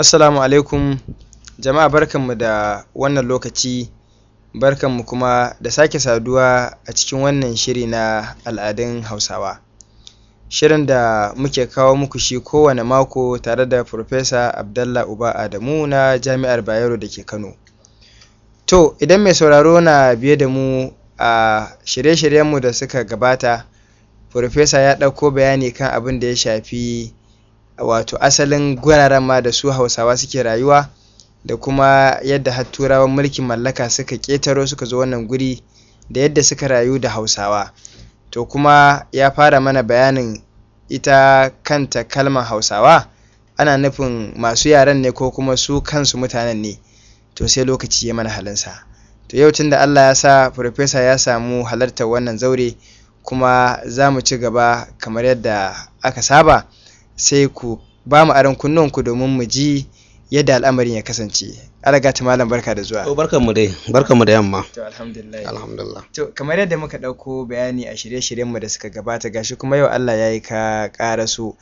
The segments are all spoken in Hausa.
Assalamu alaikum jama'a barkanmu da wannan lokaci barkanmu kuma da sake saduwa a cikin wannan shiri na al'adun Hausawa. Shirin da muke kawo muku shi kowane mako tare da Farfesa Abdallah Uba Adamu na Jami'ar Bayero da ke Kano. To, idan mai sauraro na biye da mu a shirye-shiryenmu da suka gabata, Farfesa ya ɗauko bayani kan abin da ya shafi wato asalin guraren ma da su hausawa suke rayuwa da kuma yadda har turawan mulkin mallaka suka ƙetaro suka zo wannan guri da yadda suka rayu da hausawa to kuma ya fara mana bayanin ita kanta kalmar hausawa ana nufin masu yaren ne ko kuma su kansu mutanen ne to sai lokaci ya mana halinsa to yau tunda allah ya sa farfesa ya samu halartar wannan zaure kuma za mu ci gaba kamar yadda aka saba sai ku ba mu aron ku domin mu ji yadda al'amarin ya kasance alaga ta malam barka da zuwa barkan mu dai barkanmu da yamma alhamdulillah to kamar yadda muka dauko bayani a shirye-shiryen mu da suka gabata gashi kuma yau Allah yayi ka ƙara su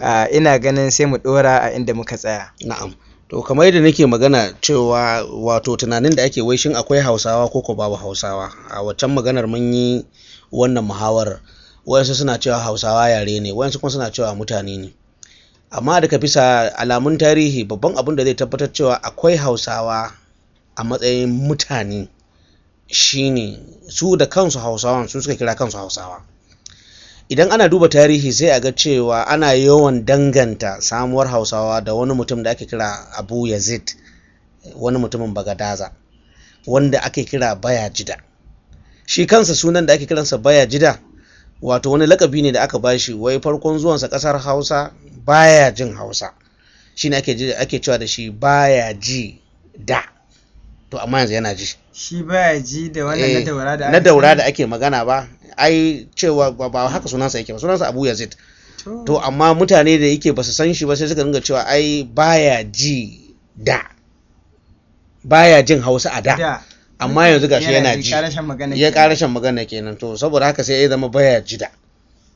ah, ina ganin sai mu dora a inda muka tsaya na'am to kamar yadda nake magana cewa wato tunanin da ake shin akwai hausawa ko ko babu hausawa a waccan maganar mun yi wannan muhawarar wayansu suna cewa hausawa yare ne wayansu kuma suna cewa mutane ne amma daga bisa alamun tarihi babban abin da zai tabbatar cewa akwai hausawa a matsayin mutane shine su da kansu Hausawa su suka kira kansu hausawa idan ana duba tarihi sai a ga cewa ana yawan danganta samuwar hausawa da wani mutum da ake kira abu yazid wani mutumin bagadaza wanda ake kira Baya-Jida. shi kansa sunan da ake kiransa Baya-Jida? wato wani lakabi ne da aka bashi wai farkon zuwansa kasar hausa baya jin hausa shine ake ake cewa da shi baya ji da to amma yanzu yana ji shi baya ji da wannan eh, na daura da ake magana ba ai cewa ba haka sunansa yake ba sunansa Abu Yazid to amma mutane da yake ba su san shi ba sai suka dinga cewa ai baya ji da baya jin Hausa a da amma yanzu gashi yana ji ya ƙara shan magana kenan to saboda haka sai ya zama baya jida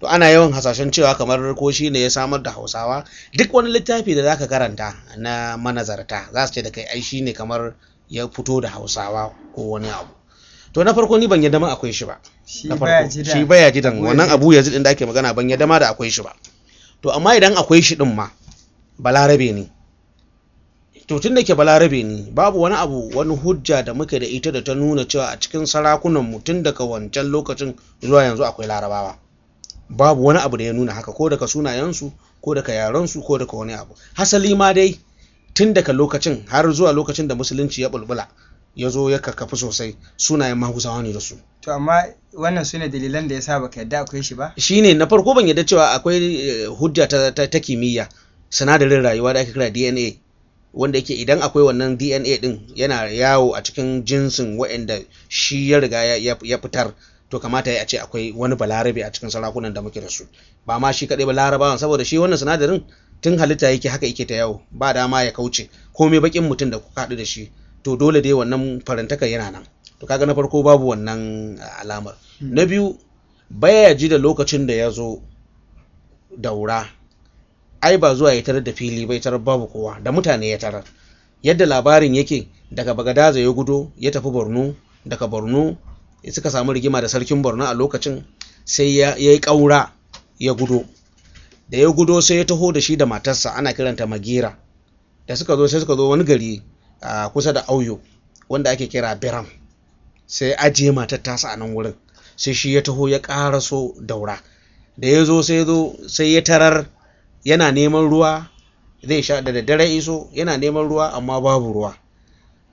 to ana yawan hasashen cewa kamar ko shi ne ya samar da hausawa duk wani littafi da zaka karanta na manazarta za su ce da kai ai shi ne kamar ya fito da hausawa ko wani abu to na farko ni ban yadda ma akwai shi ba shi baya jidan wannan abu yanzu din da ake magana ban yadda ma da akwai shi ba to amma idan akwai shi din ma balarabe ne to tun da ke balarabe ne babu wani abu wani hujja da muke da ita da ta nuna cewa a cikin sarakunan mu tun daga wancan lokacin zuwa yanzu akwai larabawa babu wani abu da ya nuna haka ko daga sunayensu ko daga yarensu ko daga wani abu hasali ma dai tun daga lokacin har zuwa lokacin da musulunci ya bulbula ya zo ya kakkafi sosai sunayen maguzawa ne da su to amma wannan su ne dalilan da ya sa baka yadda akwai shi ba shine na farko ban yadda cewa akwai eh, hujja ta, ta kimiyya sinadarin rayuwa da ake kira dna wanda yake idan akwai wannan dna din yana yawo a cikin jinsin waɗanda shi ya riga ya fitar to kamata ya ce akwai wani balarabe a cikin sarakunan da muke da su ba ma shi kaɗai balarabawan saboda shi wannan sinadarin tun halitta yake haka yake ta yawo ba dama ya kauce komai bakin mutum da kuka haɗu da shi to dole dai wannan farantakar yana nan to kaga na farko babu wannan alamar hmm. na biyu baya ji da lokacin da ya zo daura ai ba zuwa ya tarar da fili bai tarar babu kowa da mutane ya tarar yadda labarin yake daga bagadaza ya gudo ya tafi borno daga borno suka samu rigima da sarkin borno a lokacin sai ya yi ƙaura ya gudo da ya gudo sai ya taho da shi da matarsa ana kiranta magira da suka zo sai suka zo wani gari a kusa da auyo wanda ake kira biram sai ajiye matar tasa a nan wurin sai shi ya taho ya ƙaraso daura da ya zo sai ya tarar yana neman ruwa zai sha da daddare iso yana neman ruwa amma babu ruwa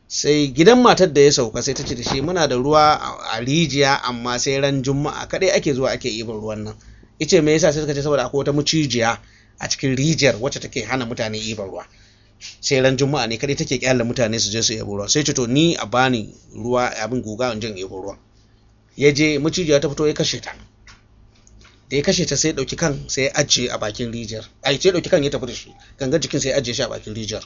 sai gidan matar da ya sauka sai ta ce da shi muna da ruwa a rijiya amma sai ran juma'a kadai ake zuwa ake ibar ruwan nan ice me yasa sai suka ce saboda akwai wata mucijiya a cikin rijiyar wacce take hana mutane ibar ruwa sai ran juma'a ne kadai take kyalla mutane su je su yabo ruwa sai ce to ni a bani ruwa abin guga in jin yabo ruwa ya je mucijiya ta fito ya kashe ta da ya kashe ta sai dauki kan sai ya ajiye a bakin rijiyar ai sai dauki kan ya tafi da shi gangan jikin sai ajiye shi a bakin rijiyar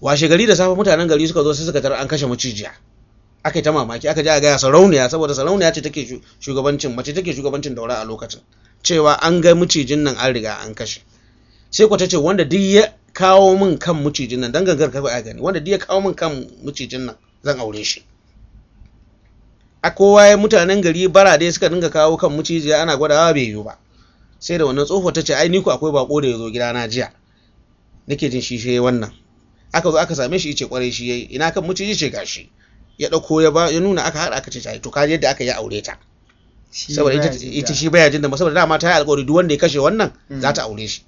washe gari da safe mutanen gari suka zo sai suka tarar an kashe macijiya aka yi ta mamaki aka ji a gaya sarauniya saboda sarauniya ce take shugabancin mace take shugabancin daura a lokacin cewa an ga macijin nan an riga an kashe sai kwata ta ce wanda duk ya kawo min kan macijin nan dan gangar kai a gani wanda duk ya kawo min kan macijin nan zan aure shi a kowa ya mutanen gari bara dai suka dinga kawo kan mucijiya ana gwadawa bai yiwu ba sai da wannan tsofa ta ce ai ni ku akwai bako da ya zo gida na jiya nake jin shi wannan aka zo aka same shi ce kwarai shi yayi ina kan muciji ce gashi ya dauko ya ba ya nuna aka haɗa aka ce to kaji yadda aka yi aure ta saboda ita shi baya jin da saboda dama ta yi alƙawari duk wanda ya kashe wannan mm. za ta aure shi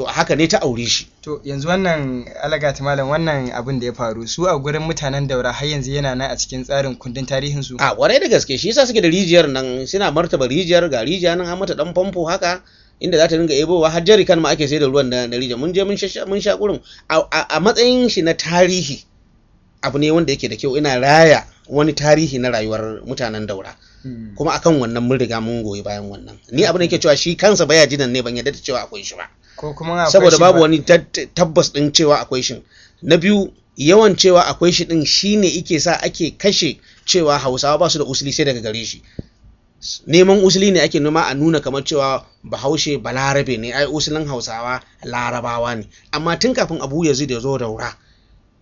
to a haka ne ta aure shi to yanzu wannan alagata malam wannan abin da ya faru su a gurin mutanen daura har yanzu yana nan a cikin tsarin kundin tarihin su a kwarai da gaske shi yasa suke da rijiyar nan suna martaba rijiyar ga rijiya nan an mata dan famfo haka inda za ta dinga ebowa har jari kan ma ake sai da ruwan da rijiya mun je mun sha kurin a matsayin shi na tarihi abu ne wanda yake da kyau ina raya wani tarihi na rayuwar mutanen daura hmm. kuma akan wannan mun riga mun goyi bayan wannan ni abin da yake cewa shi kansa baya jinan ne ban yadda da cewa akwai shi ba saboda babu wani tabbas ɗin cewa akwai shi, na biyu yawan cewa akwai shi ɗin shine ike sa ake kashe cewa hausawa ba su da usuli sai daga gare shi neman usuli ne ake noma a nuna kamar cewa bahaushe balarabe ne ai usulin hausawa larabawa ne amma tun kafin abu ya zo da daura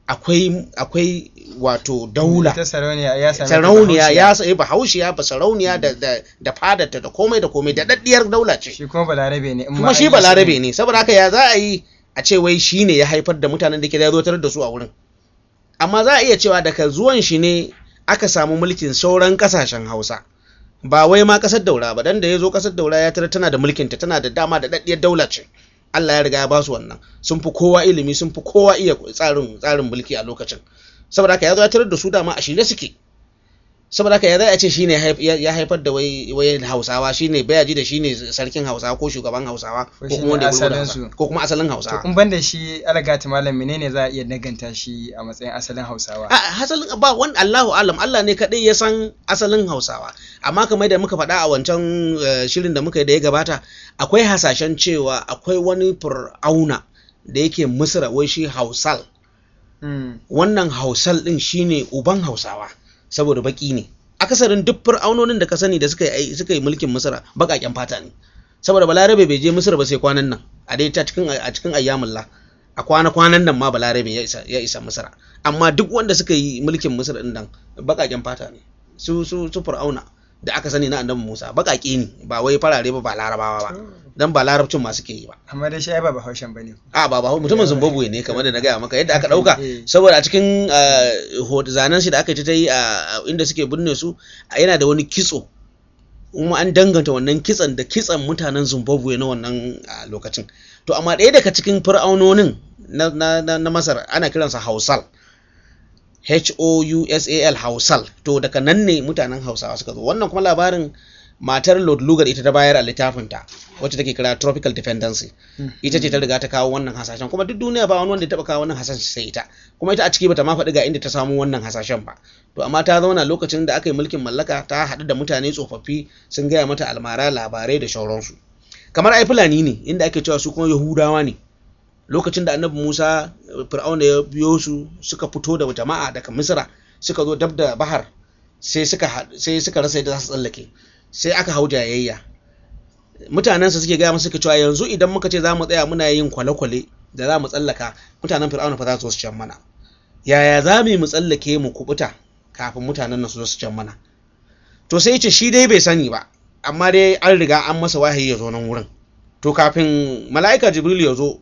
akwai akwai wato daula sarauniya ya sami sarauniya ya eh, ba sarauniya da da da komai da komai da daddiyar daula ce shi kuma balarabe ne kuma shi balarabe ne saboda haka ya za a yi a ce wai shi ne ya haifar da mutanen da ke zotar da su a wurin amma za a iya cewa daga zuwan shi ne aka samu mulkin sauran kasashen hausa ba wai ma kasar daura ba dan da ya zo kasar daura ya tara tana da mulkinta tana da dama da daddiyar daula ce Allah ya riga ya basu wannan sun fi kowa ilimi sun fi kowa iya tsarin tsarin mulki a lokacin saboda haka ya zo ya tarar da su dama a shirye suke saboda haka ya zai a ce shine ya haifar da wai hausawa shine bayaji da shine sarkin hausawa ko shugaban hausawa ko kuma wanda ya ko kuma asalin hausawa To kun banda shi alagati malam menene za a iya naganta shi a matsayin asalin hausawa a asalin ba wani Allahu alam Allah ne kadai ya san asalin hausawa amma kamar da muka faɗa a wancan eh, shirin da muka yi da ya gabata akwai hasashen cewa akwai wani fir'auna da yake misra wai shi hausal hmm. wannan hausal din shine uban hausawa saboda baki ne akasarin duk fir'aunonin da ka sani da suka yi suka yi mulkin misra baƙaƙen fata ne saboda balarabe bai je misra ba sai kwanan nan a dai ta cikin a cikin la a kwana kwanan nan ma balarabe ya isa ya isa misra amma duk wanda suka yi mulkin misra din nan baƙaƙen fata ne su su su fir'auna da aka sani na annabi Musa baƙaƙe ne ba wai farare ba ba larabawa ba dan ba larabcin ma suke yi ba amma dai shi ba bahaushen bane a ba mutumin eh. Zimbabwe ne kamar da na gaya maka yadda aka dauka eh. saboda a cikin eh, zanen shi da aka ta yi a inda suke binne su yana da wani kitso kuma an danganta wannan kitsan da kitsan mutanen Zimbabwe na wannan lokacin to amma ɗaya daga cikin fir'aunonin na, Masar ana kiransa Hausal Housal Hausal to daga nan ne mutanen Hausawa suka zo wannan kuma labarin matar Lord Lugar ita ta bayar a littafin ta wacce take kira Tropical Dependency hmm. ita ce ta riga ta kawo wannan hasashen kuma duk duniya ba wani wanda ya taba kawo wannan hasashen sai ita kuma ita a ciki bata ma faɗi ga inda ta samu wannan hasashen ba to amma ta zauna lokacin da aka yi mulkin mallaka ta haɗu da mutane tsofaffi sun gaya mata almara labarai da shauransu kamar ai fulani ne inda ake cewa su kuma yahudawa ne lokacin da annabi musa fir'auna ya biyo su suka fito da jama'a daga misra suka zo dab bahar sai suka rasa yadda za su tsallake sai aka hau jayayya mutanen su suke gaya musu suka cewa yanzu idan muka ce za mu tsaya muna yin kwale-kwale da za mu tsallaka mutanen fir'auna fa za su zo can mana yaya za mu mu tsallake mu kubuta kafin mutanen nan su zo su can mana to sai ce shi dai bai sani ba amma dai an riga an masa wahayi ya zo nan wurin to kafin mala'ika jibril ya zo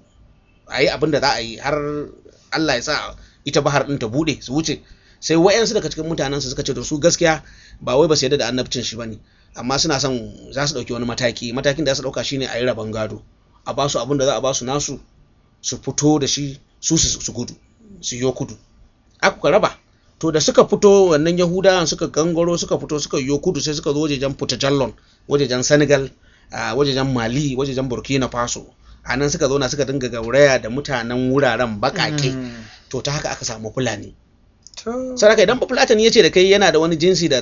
a yi abin da za a yi har Allah ya sa ita bahar ɗin ta buɗe su wuce sai wayansu daga cikin mutanen su suka ce to su gaskiya ba wai ba su yadda da annabcin shi bane amma suna son za su ɗauki wani mataki matakin da za su ɗauka shine a yi rabon gado a ba su abin da za a ba su nasu su fito da shi su su su gudu su yo kudu ka raba to da suka fito wannan yahudawan suka gangaro suka fito suka yo kudu sai suka zo wajejen jallon wajejen senegal wajejen mali wajejen burkina faso a nan suka zauna suka dinga gauraya da mutanen wuraren bakake mm. to ta haka aka samu fulani saraka idan fulatani ya ce da kai yana da wani jinsi da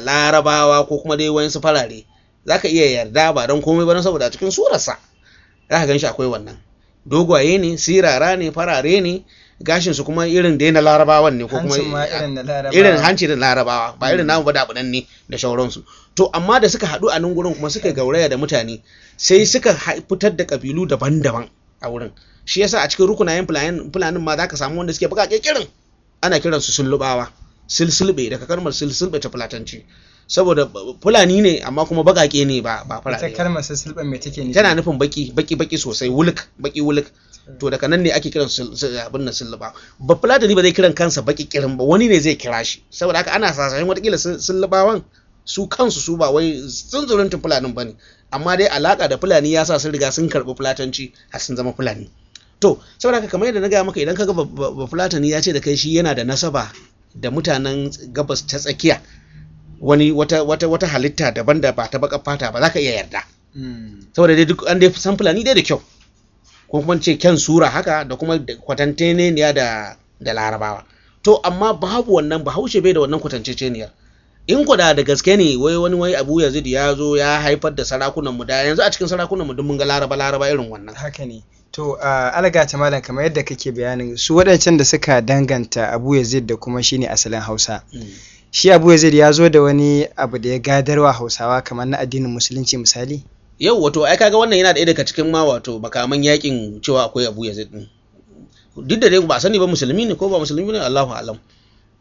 larabawa ko kuma dai wayansu farare zaka iya yarda ba don komai ba saboda cikin surarsa za ka gan akwai wannan dogwaye ne sirara ne farare ne gashin su kuma irin da na larabawan ne ko kuma irin hanci da larabawa ba irin namu ba da abunan ne da shauransu to amma da suka haɗu a nan gurin kuma suka gauraya da mutane sai suka fitar da kabilu daban-daban a wurin shi yasa a cikin rukunayen fulanin ma zaka samu wanda suke bukake kirin ana kiran su sullubawa silsilbe daga kalmar silsilbe ta fulatanci saboda fulani ne amma kuma bakake ne ba ba fulani ita kalmar silsilbe me take ne tana nufin baki baki baki sosai wuluk baki wuluk to daga nan ne ake kiran abin na sulluba ba fulatani ba zai kiran kansa baki kirin ba wani ne zai kira shi saboda haka ana sasashen watakila sullubawan su kansu su ba wai tsuntsurintun fulanin ba ne amma dai alaka da fulani ya sa sun riga sun karɓi fulatanci har sun zama fulani to saboda haka kamar yadda na gaya maka idan kaga ba fulatani ya ce da kai shi yana da nasaba da mutanen gabas ta tsakiya wani wata wata wata halitta daban da ba ta baka fata ba za ka iya yarda hmm. saboda dai duk an dai san fulani dai da kyau ko kuma ce kyan sura haka da kuma kwatanceniya da da larabawa to amma babu wannan bahaushe bai da wannan kwatanceniyar in ku da gaske ne wai wani wai abu yazid ya zo ya haifar da sarakunan mu da yanzu a cikin sarakunan mu duk mun ga laraba laraba irin wannan haka ne to alaga malam kamar yadda kake bayanin su waɗancan da suka danganta abu yazid da kuma shine asalin hausa mm. shi abu yazid ya zo da wani abu da ya gadarwa hausawa kamar na addinin musulunci misali yau wato ai kaga wannan yana da daga cikin ma wato makaman yakin cewa akwai abu ya zai duk da dai ba sani ba musulmi ne ko ba musulmi ne Allahu alam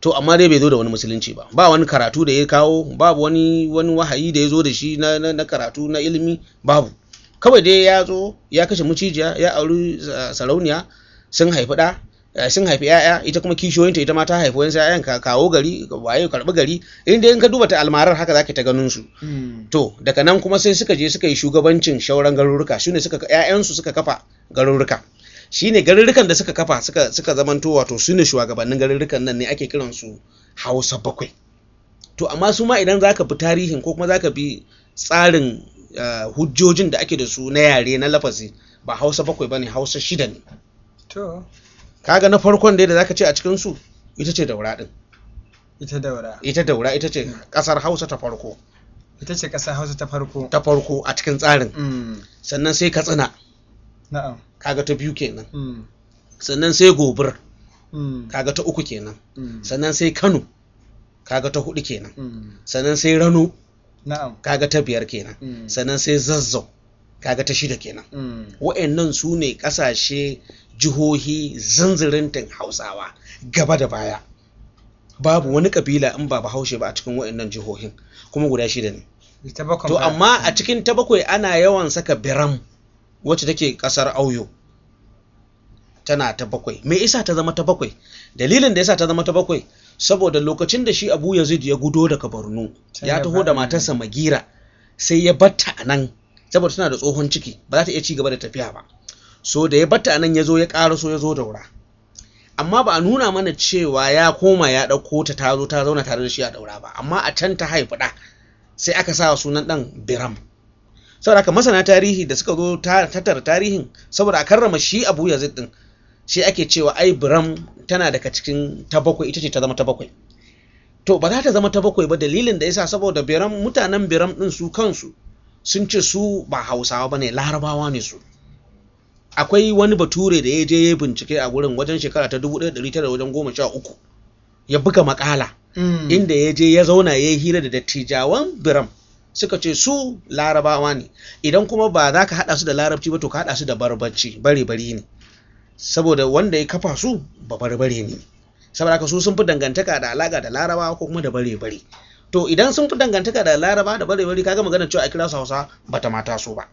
to amma dai bai zo da wani musulunci ba ba wani karatu da ya kawo babu wani wani wahayi da ya zo da shi na, na, karatu na ilimi babu kawai dai ya zo ya kashe mucijiya ya auri sarauniya sun haifi ɗa Eh, sun haifi yaya ita kuma kishiyoyinta ita ma ta haifi wani yayan kawo gari waye karbi gari in dai ka duba ta almarar haka zaka ta ganin su hmm. to daga nan kuma sai suka je suka yi shugabancin shauran garuruka shine suka yayan su suka kafa garuruka shine garurukan da suka kafa suka suka zamanto wato sune shugabannin garurukan nan ne ake kiran su Hausa bakwai to amma su ma idan zaka bi tarihin ko kuma zaka bi tsarin eh, hujjojin da ake da su na yare na lafazi ba Hausa bakwai bane Hausa shida ne kaga na farkon dai da zaka ce a cikin su ita ce daura din ita daura ita daura ita ce kasar hmm. Hausa ta farko ita ce kasar Hausa ta farko ta farko a cikin tsarin hmm. sannan sai Katsina na'am kaga ta biyu kenan hmm. sannan sai Gobir kaga ta uku kenan sannan sai Kano kaga ta hudu kenan sannan sai Rano na'am kaga ta biyar kenan sannan sai Zazzau kaga ta shida kenan hmm. wa'annan su ne kasashe jihohi zanzirintin hausawa gaba da baya babu wani kabila in ba bahaushe ba a cikin wa'annan jihohin kuma guda shida ne to amma a hmm. cikin ta bakwai ana yawan saka biram wacce take kasar auyo tana ta bakwai me isa ta zama ta bakwai dalilin da yasa ta zama ta bakwai saboda lokacin da shi abu yazid ya gudo daga borno ya taho da matarsa magira sai ya batta a nan saboda tana da tsohon ciki ba za ta iya ci gaba da tafiya ba so da ya batta anan ya zo ya ƙara so ya zo daura amma ba a nuna mana cewa ya koma ya ɗauko ta tazo, ta zauna tare da shi a daura ba amma a can ta haifi ɗa sai aka sa sunan ɗan biram saboda haka masana tarihi da suka zo tattara tarihin saboda a karrama shi abu yazid din shi ake cewa ai biram tana daga cikin ta bakwai ita ce ta zama ta bakwai to ba za ta zama ta bakwai ba dalilin da ya sa saboda biram mutanen biram ɗin su kansu sun ce su ba hausawa ba ne larabawa ne su akwai wani bature da ya je ya bincike a gurin wajen shekara ta 1913 ya buga makala mm. inda ya je ya zauna ya yi hira da dattijawan biram suka ce su larabawa ne idan kuma ba za ka haɗa su da larabci ba to ka haɗa su da barbarci bare bari ne saboda wanda ya kafa su ba bare ne saboda haka su sun fi dangantaka da alaƙa da larabawa ko kuma da bare bare to idan sun fi dangantaka da laraba da barewari kaga magana cewa a kira su hausa bata mata so ba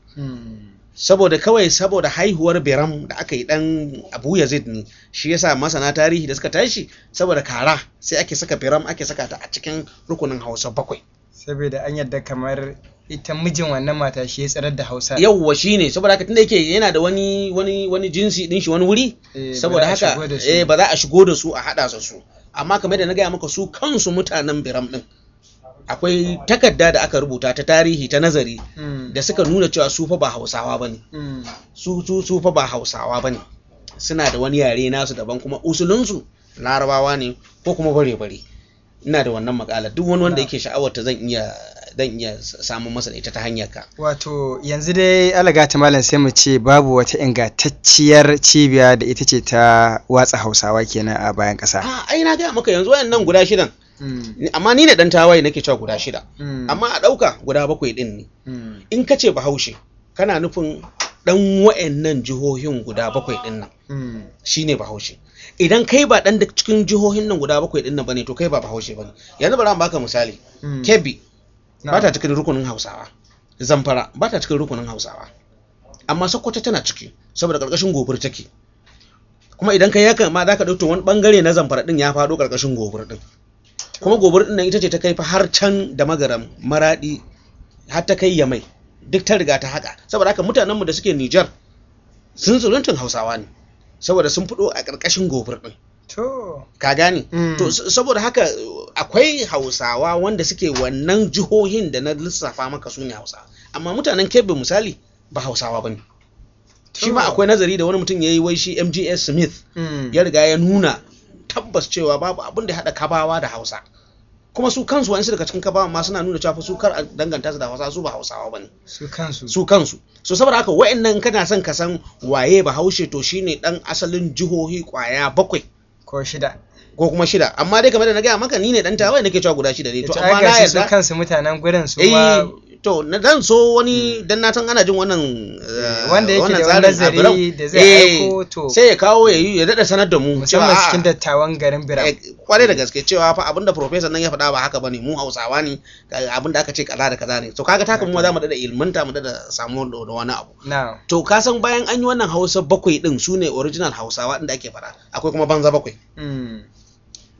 saboda kawai saboda haihuwar Biram da aka yi dan abu yazid ne shi yasa masana tarihi da suka tashi saboda kara sai ake saka Biram ake saka ta a cikin rukunin hausa bakwai saboda an yadda kamar ita mijin wannan mata shi ya tsirar da hausa yauwa shi ne saboda haka tunda yake yana da wani wani wani jinsi din shi wani wuri eh, saboda haka eh ba za a shigo da su a hada su amma kamar da na gaya maka su kansu mutanen biram din akwai takarda da aka rubuta ta tarihi ta nazari hmm. da suka nuna cewa su fa ba hausawa bane hmm. su su su fa ba hausawa bane suna da wani yare nasu daban kuma usulunsu larabawa ne ko kuma bare bare ina da wannan makala duk wani wanda yake sha'awar ta zan iya dan iya samun masa da ita ta hanyar ka wato yanzu dai alaga ta malam sai mu ce babu wata ingantacciyar cibiya da ita ce ta watsa hausawa kenan a bayan kasa ah, ai na ga maka yanzu wayannan guda shidan Hmm. amma ni ne dan tawaye nake cewa guda shida hmm. amma a ɗauka guda bakwai ɗin ne hmm. in ka ce bahaushe kana nufin dan wa'annan jihohin guda bakwai ɗin nan shine bahaushe idan kai ba dan da cikin jihohin nan guda bakwai ɗin nan bane to kai ba bahaushe bane yanzu bari an baka misali kebbi ba ta cikin rukunin hausawa zamfara ba ta cikin rukunin hausawa amma sokoto tana ciki saboda karkashin gobir take kuma idan kai ya kama za ka ɗauki wani bangare na zamfara ɗin ya faɗo karkashin gobir ɗin kuma gobar ɗin ita ce ta kai fa har can da magaram maraɗi har ta kai yamai duk ta riga ta haka saboda haka mutanenmu da suke Nijar sun tsuruntun Hausawa ne saboda sun fito a ƙarƙashin gobar ɗin ka gane mm. to saboda haka akwai Hausawa wanda suke wannan jihohin da na lissafa maka su ne Hausawa amma mutanen Kebbi misali ba Hausawa bane shi ma akwai nazari da wani mutum ya yi wai shi MGS Smith mm. ya riga ya nuna tabbas cewa babu abin da ya haɗa kabawa da Hausa kuma su kansu wani su daga cikin kafawan ma suna nuna cewa su kar a danganta su da hausa su ba hausawa bane su kansu su kansu so saboda haka wa'annan kana son ka san waye bahaushe to shine dan asalin jihohi kwaya bakwai ko shida ko kuma shida amma dai kamar da na gaya maka ni ne dan tawaye nake cewa guda shida ne to amma na yarda su kansu mutanen gurin su eh, ma to na dan so wani hmm. dan na san ana jin wannan eh, wanda yake da wannan nazari da zai eh, aiko to sai ya kawo ya ya dada sanar da mu cewa ah, cikin dattawan garin Biram eh, kwarai da gaske cewa fa abinda professor nan ya faɗa ba haka bane mu Hausawa ne abinda aka ce kaza da kaza ne to kaga taka mu za mu dada ilminta mu dada samu da wani abu to ka san bayan an yi wannan Hausa bakwai din sune original Hausawa inda ake fara. akwai kuma banza bakwai hmm.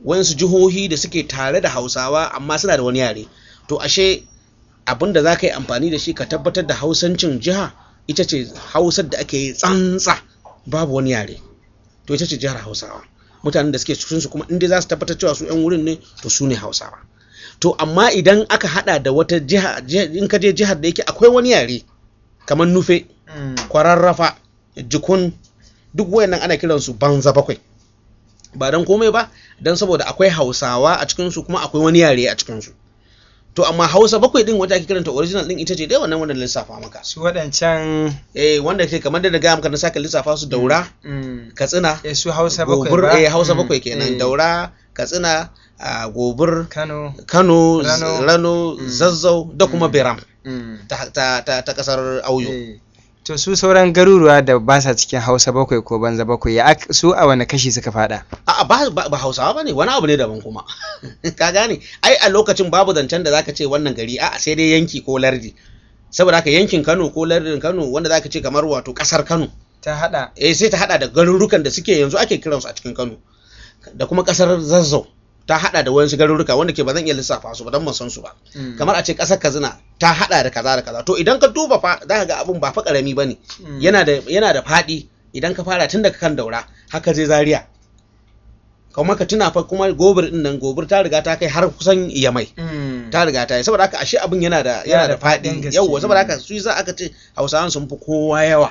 wayansu jihohi da suke tare da Hausawa amma suna da wani yare to ashe abin da za ka yi amfani da shi ka tabbatar da hausancin jiha ita ce hausar da ake tsantsa babu wani yare to ita ce jihar hausawa mutanen da suke cikinsu kuma inda za su tabbatar cewa su 'yan wurin ne to su ne hausawa to amma idan aka hada da wata jiha in ka je jihar da yake akwai wani yare kamar nufe mm. kwararrafa jikun duk wayannan ana kiransu banza bakwai ba don komai ba don saboda akwai hausawa a cikinsu kuma akwai wani yare a cikinsu to amma hausa bakwai din wata ake karanta original din ita ce dai wannan wanda lissafa maka su waɗancan eh wanda ke kamar da daga gaya maka na saka lissafa su daura mm, mm. katsina eh su hausa bakwai ba eh hausa bakwai mm, kenan daura katsina gobir kano kano rano zazzau da kuma biram ta kasar auyo eh. to su sauran garuruwa da ba sa cikin hausa bakwai ko banza bakwai ya su a wani kashi suka fada a ba ba hausawa bane wani abu ne daban kuma ka gane ai a lokacin babu zancen da zaka ce wannan gari a sai dai yanki ko lardi saboda haka yankin Kano ko lardin Kano wanda zaka ce kamar wato kasar Kano ta hada eh sai ta hada da garurukan da suke yanzu ake kiransu a cikin Kano da kuma kasar Zazzau ta hada da wani garuruka wanda ke ba zan iya lissafa su ba dan san su ba mm. kamar a ce kasar Kazina ta hada da kaza da kaza to idan ka duba fa ka ga abun ba fa karami bane mm. yana da yana da fadi idan ka fara tun daga kan daura haka zai Zariya. kuma ka tuna fa kuma gobir din nan gobir ta riga ta kai har kusan yamai mm. ta riga ta yi saboda haka ashe abin yana da yana da fadi yawa saboda haka su za aka ce Hausawan sun fi kowa yawa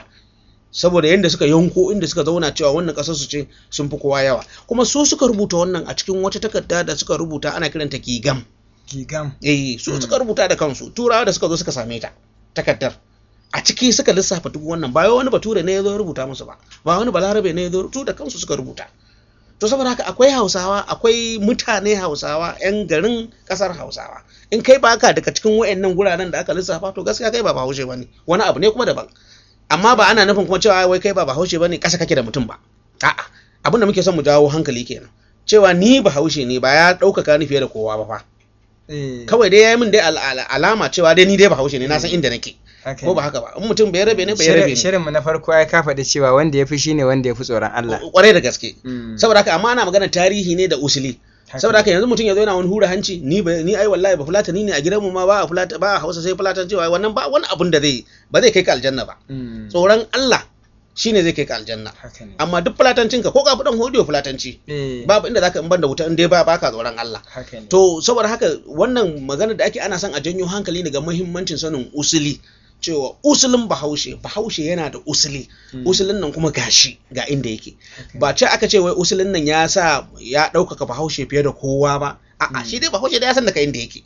saboda yadda suka yanko inda suka zauna cewa wannan ƙasar su ce sun fi kowa yawa kuma su suka rubuta wannan a cikin wata takarda da suka rubuta ana kiranta gigam gigam eh su hmm. suka rubuta da kansu turawa da suka zo suka same ta takardar a ciki suka lissafa duk wannan ba wani bature ne ya zo rubuta musu ba ba wani balarabe ne ya zo su da kansu suka rubuta to saboda haka akwai hausawa akwai mutane hausawa yan garin kasar hausawa in kai baka daga cikin wayannan guraren da aka lissafa to gaskiya kai ba bahaushe bane wani abu ne kuma daban amma ba ana nufin kuma cewa wai kai ba bahaushe bane kasa kake da mutum ba a'a abin da muke son mu jawo hankali kenan cewa ni bahaushe ne ba ya ɗaukaka ni fiye da kowa ba fa eh. kawai dai yi min dai alama cewa dai ni dai bahaushe ne na san hmm. inda nake ko ba haka ba in mutum bai rabe ne bai rabe ne shirin mu na farko ya ka da cewa wanda ya fi shine wanda ya fi tsoron Allah kwarai da gaske hmm. saboda haka amma ana magana tarihi ne da usuli saboda haka yanzu mutum ya zo yana wani hura hanci ni ba ni ai wallahi ba fulata ni ne a gidanmu ma ba fulata ba Hausa sai fulatan cewa wannan ba wani abun da zai ba zai kai ka aljanna ba mm. tsoron Allah shi ne zai kai ka aljanna amma duk fulatancin ka ko ka fudan hodiyo fulatanci eh. babu inda zaka in banda wuta in dai ba baka tsoron Allah to saboda haka wannan magana da ake ana son a janyo hankali daga muhimmancin sanin usuli cewa usulin bahaushe bahaushe yana da usuli hmm. usulin nan kuma gashi ga inda yake ba ce aka ce wai usulin nan ya sa ya ɗaukaka bahaushe fiye da kowa ba a'a hmm. shi dai bahaushe da ya san daga inda yake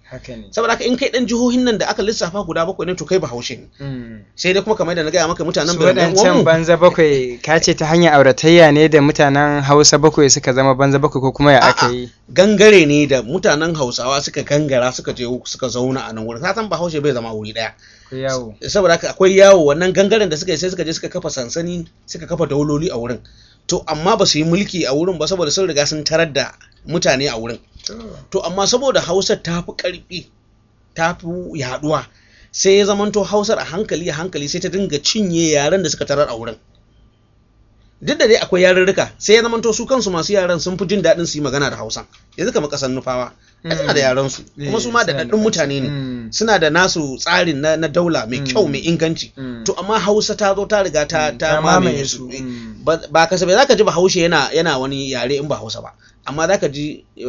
saboda haka in kai dan jihohin nan da aka lissafa guda bakwai ne to kai bahaushe ne hmm. sai dai kuma kamar da na gaya maka mutanen birnin uwanmu wadancan banza bakwai ka ce ta hanyar auratayya ne da mutanen hausa bakwai suka zama banza bakwai ko kuma ya aka yi gangare ne da mutanen hausawa suka gangara suka je suka zauna a nan wurin ka san bahaushe bai zama wuri daya saboda haka akwai yawo wannan gangaren da suka yi sai suka je suka kafa sansani suka kafa dauloli a wurin to amma ba su yi mulki a wurin ba saboda sun riga sun tarar da mutane a wurin to amma saboda hausa ta fi karfi ta fi yaduwa sai ya zamanto hausar a hankali a hankali sai ta dinga cinye yaren da suka tarar a wurin duk da dai akwai yarurruka sai ya zamanto su kansu masu yaren, sun fi jin daɗin su yi magana da hausa yanzu kamar ƙasar nufawa suna da yaran su mm. kuma su ma eh, da daɗin mutane ne mm. suna da nasu tsarin na daula mai mm. kyau mai inganci to amma hausa ta zo ta riga ta mamaye su eh, ba za zaka ji bahaushe yana yana wani yare in ba hausa ba amma zaka ji eh,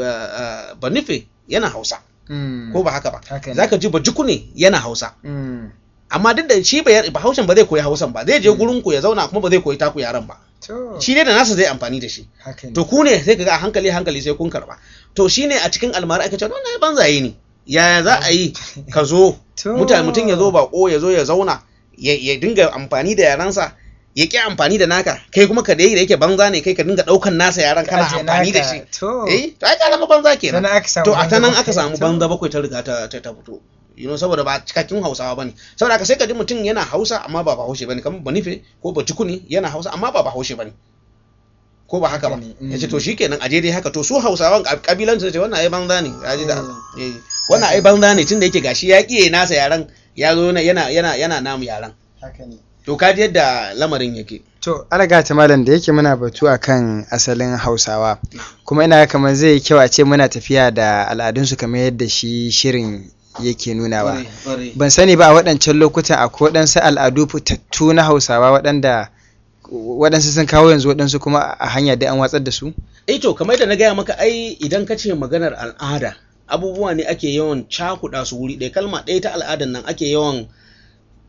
ba nufe yana hausa ko ba haka ba zaka ji ba jukune yana hausa amma duk da shi bahaushen ba zai koyi hausan ba zai je gurin ku ya zauna kuma ba zai koyi taku yaran ba shi ne da nasa zai amfani da shi to ku ne sai kaga a hankali hankali sai kun karba to shine a cikin almara aka ce wannan banzaye ne yaya za a yi ka zo mutane mutum ya zo bako ya zo ya zauna ya dinga amfani da yaransa ya ƙi amfani da naka kai kuma ka da yake banza ne kai ka dinga ɗaukan nasa yaran kana amfani da shi eh to ai ka zama banza kenan to a ta nan aka samu banza bakwai ta riga ta ta fito you know saboda ba cikakken hausawa bane saboda ka sai ka ji mutum yana hausa amma ba hausa bane kamar banife ko batukuni yana hausa amma ba hausa bane ko ba haka ba mm. ya ce to shikenan aje dai haka to su hausawan kabilan su ce wannan ai banza ne ya ji da mm. eh, wannan ai banza ne tunda yake gashi ya kiye nasa yaran ya zo yana yana yana namu yaran haka ne to ka ji yadda lamarin yake to ga ta malam da yake muna batu akan asalin hausawa kuma ina kamar zai yi kyau a ce muna tafiya da al'adunsu kamar yadda shi shirin yake nunawa ban sani ba a waɗancan lokutan akwai waɗansu al'adu fitattu na hausawa waɗanda waɗansu sun kawo yanzu waɗansu kuma a hanya dai an watsar da su? eh to kamar da na gaya maka ai idan ka ce maganar al'ada abubuwa ne ake yawan cakuɗa su wuri ɗaya kalma ɗaya ta al'adan nan ake yawan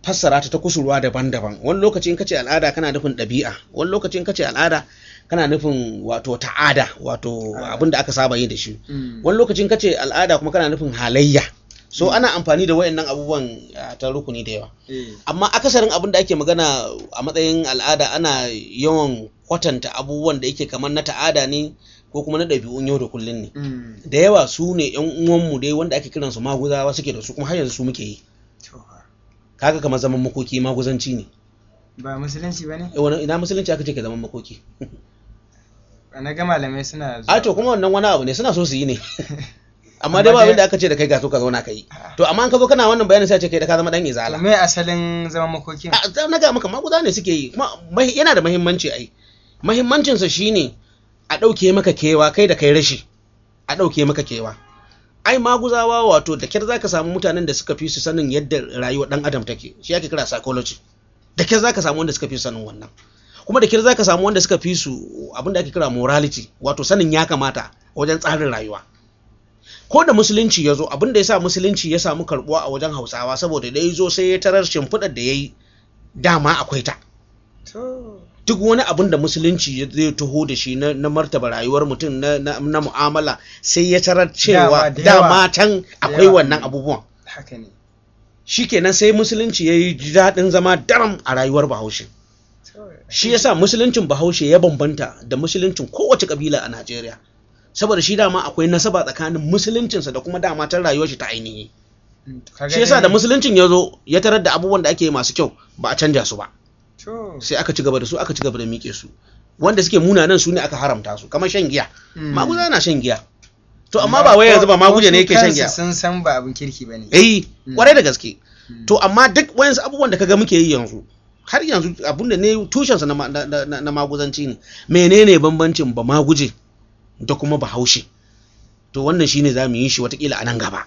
fassara ta ta kusurwa daban-daban wani lokacin ka ce al'ada kana nufin ɗabi'a wani lokacin ka ce al'ada kana nufin wato ta'ada wato ah. abin da aka saba yi da shi hmm. wani lokacin ka ce al'ada kuma kana nufin halayya so hmm. ana amfani da wayannan abubuwan ta rukuni da yawa hmm. amma akasarin abin da ake magana a matsayin al'ada ana yawan kwatanta abubuwan da yake kamar na ta'ada ne ko kuma na ɗabi'un yau da kullun ne hmm. da yawa su ne yan uwanmu dai wanda ake kiran su maguzawa suke da su kuma har yanzu su muke yi kaga kamar zaman makoki maguzanci ne ba musulunci ba ne eh, ina musulunci aka ce ka zaman makoki na ga malamai suna a ah, to kuma wannan wani abu ne suna so su yi ne amma dai ba abin da aka ce da kai ga so ka zauna kai yi ah. to amma an ka zo kana wannan bayanin sai ce kai da ka zama dan izala me asalin zaman makokin a ah, na ga maka maguza ne suke yi yana da muhimmanci ai sa shine a ɗauke maka kewa kai da kai rashi a ɗauke maka kewa ai maguzawa wato da kyar zaka samu mutanen da suka fi su sanin yadda rayuwar ɗan adam take shi ake kira psychology da kyar zaka samu wanda suka fi sanin wannan kuma da kyar zaka samu wanda suka fi su abin da ake kira morality wato sanin ya kamata wajen tsarin rayuwa ko da musulunci ya zo abin da ya sa musulunci ya samu karbuwa a wajen hausawa saboda da ya zo sai ya tarar shimfiɗar da ya yi dama akwai ta duk wani abin da musulunci zai taho da shi na martaba rayuwar mutum na mu'amala sai ya tarar cewa dama can akwai wannan abubuwan shi shikenan sai musulunci ya yi daɗin zama daram a rayuwar bahaushe shi ya sa musuluncin bahaushe ya bambanta da musuluncin kowace kabila a najeriya saboda shi dama akwai nasaba tsakanin musuluncinsa da kuma dama ta rayuwar shi ta ainihi shi yasa da musuluncin ya zo ya tarar da abubuwan da ake yi masu kyau ba a canja su ba sai aka ci gaba da su aka ci gaba da miƙe su wanda suke munanan su ne aka haramta su kamar shan giya hmm. maguza na shan giya to amma ba wai yanzu ba maguje ne yake shan giya sun san ba abin kirki bane eh hmm. kwarai da gaske hmm. to amma duk wayansu abubuwan da kaga muke yi yanzu har yanzu abun da ne tushensa na maguzanci ne menene bambancin ba maguje da kuma bahaushe to wannan shine za mu yi shi watakila a nan gaba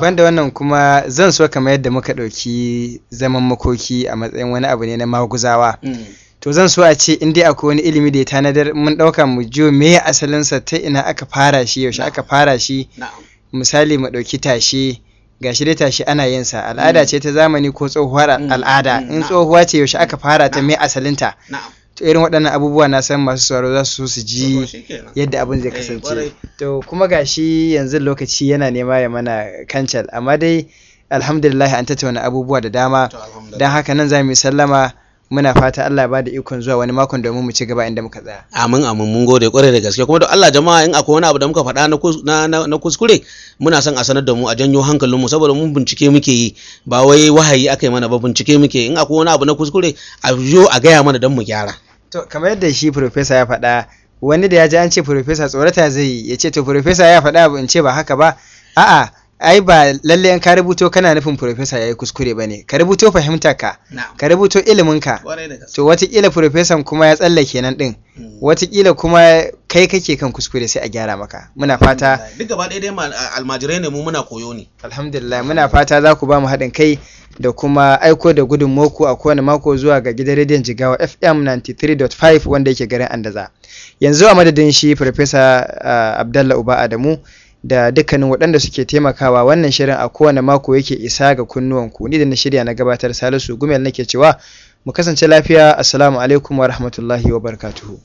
ban da wannan kuma zan so kamar yadda muka ɗauki zaman makoki a matsayin wani abu ne na maguzawa mm. to zan so a ce in dai akwai wani ilimi da ya tanadar mun ɗauka mu jiyo me asalinsa ta ina aka fara shi yaushe aka fara shi misali mu ɗauki tashe gashi dai tashi ana yin sa al'ada mm. ce ta zamani ko tsohuwar mm. al'ada in tsohuwa ce yaushe aka fara ta me asalinta to irin waɗannan abubuwa na san masu sauraro za su su ji yadda abin zai eh, kasance to kuma gashi yanzu lokaci yana nema ya mana kancal amma dai alhamdulillah an tattauna abubuwa da dama don haka nan za mu yi sallama muna fata Allah ba da ikon zuwa wani makon domin mu ci gaba inda muka tsaya. Amin amin mun gode kwarai da gaske kuma da Allah jama'a in akwai wani abu da muka faɗa na kuskure muna son a sanar da mu a janyo hankalin mu saboda mun bincike muke yi ba wai wahayi aka mana ba bincike muke in akwai wani abu na kuskure a biyo a gaya mana don mu gyara. to kamar yadda shi profesa ya faɗa wani da ya ji an ce profesa tsorata zai yi ya ce to profesa ya faɗa abu in ce ba haka ba a'a ai ba lalle in ka rubuto kana nufin profesa yi kuskure ba ne ka rubuto fahimtar ka rubuto ka to watakila profesan kuma ya tsallake nan din mm. watakila kuma kai kake kan kuskure sai a gyara maka muna fata duk gaba ɗaya dai almajirai ne mu muna koyo ne alhamdulillah muna fata za ku ba mu haɗin kai da kuma aiko da gudun moku a kowane mako zuwa ga gidan rediyon Jigawa FM 93.5 wanda yake garin Andaza. Yanzu a madadin shi Farfesa uh, Abdalla Uba Adamu da dukkanin waɗanda suke taimakawa wannan shirin a kowane mako yake isa ga kunnuwanku ni da na shirya na gabatar Salisu Gumel nake cewa mu kasance lafiya assalamu alaikum wa rahmatullahi wa barkatuhu.